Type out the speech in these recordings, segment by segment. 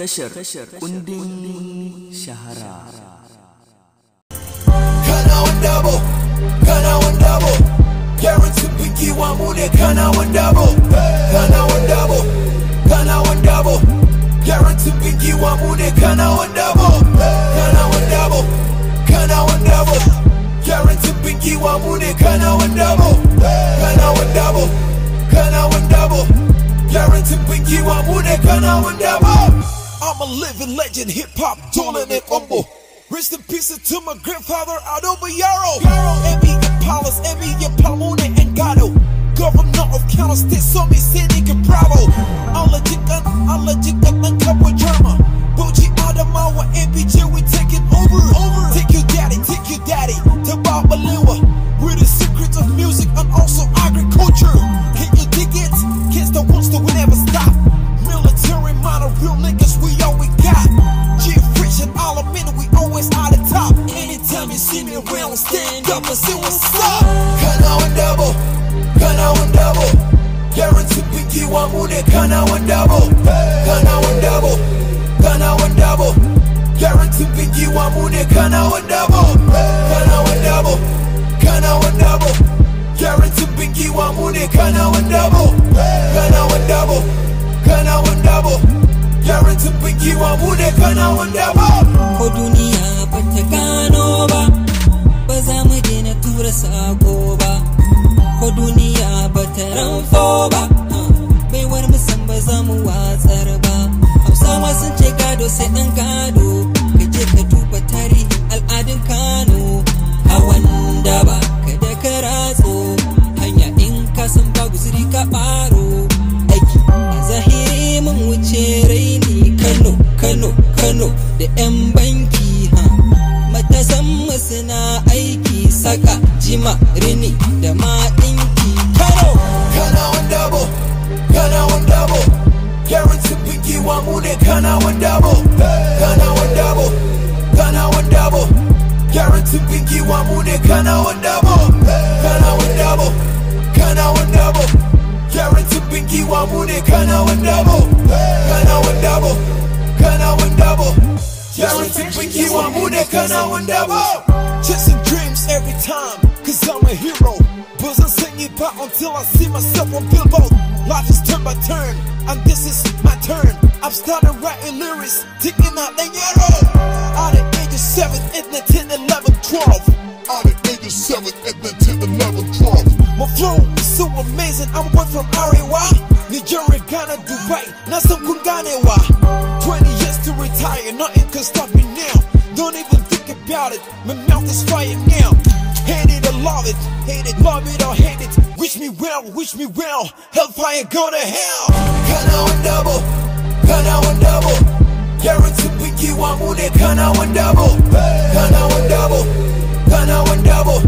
tashar kundin shahara kana wanda bo kana wanda bo guarantee biki wa mu ne kana wanda bo kana wanda bo kana wanda bo guarantee biki wa mu ne kana wanda bo kana wanda bo kana wanda bo guarantee biki wa mu ne kana wanda bo kana wanda bo kana wanda bo guarantee biki wa mu ne I'm a living legend, hip hop, dueling and humble. Rest in peace to my grandfather, Adobo Yarrow. Yarrow, Emmy, Palace, Emmy, Palmone, and Gato. Governor of County State, Sumi, City, Bravo. I'm legit, I'm legit, I'm a couple drama. Boji Adamawa, MPJ, we taking over. over. Take your daddy, take your daddy, to Babaliwa. We're the secrets of music and also agriculture. Can you dig it? Kids don't want to win ever Yeah, Ghana one double, Ghana one double, Ghana one double. Guarantee big you one moon, Ghana one double, Ghana one double, Ghana one double. Guarantee big you one moon, Ghana one double, Ghana one double, Ghana one double. Guarantee big you one moon, Ghana one double. Oh, dunia, but ta gano over. ba za mu daina tura sako ba. Oh, dunia, but ta ranfo ba. sai ɗan gado je ka duba tarihin al'adun kano a wanda ba ka da ka ratso hanya in ka san ba guzuri ka ɓaro aiki zahiri mun wuce raini kano kano kano da 'yan banki ha matasan mu suna aiki saka jima rini da ma chasing dreams every time cause i'm a hero Buzz and sing it back until i see myself on billboard life is turn by turn and this is my turn i've started writing lyrics taking out the arrow out of age of 7 8 10 11 12 out of age of 7 8 10 11 12 my flow is so amazing i'm one from arewa nigeria ghana dubai nasa kunganewa 20 years to retire, nothing can stop me now. Don't even think about it, my mouth is fire now. Hate it or love it, hate it, love it or hate it. Wish me well, wish me well, hellfire go to hell. one double, one double. Guaranteed we you want it. than one double, one double, one double.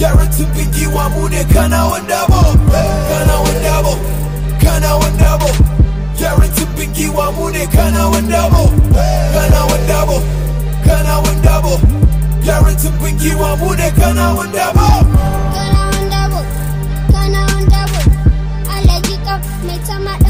Guaranteed we you want it. than one double. yeah, gun out and double, gun out win double, gun out win double. Yarin to pinky one would a gun out win double. Gun out win double, gun out win double. I let you go, make some.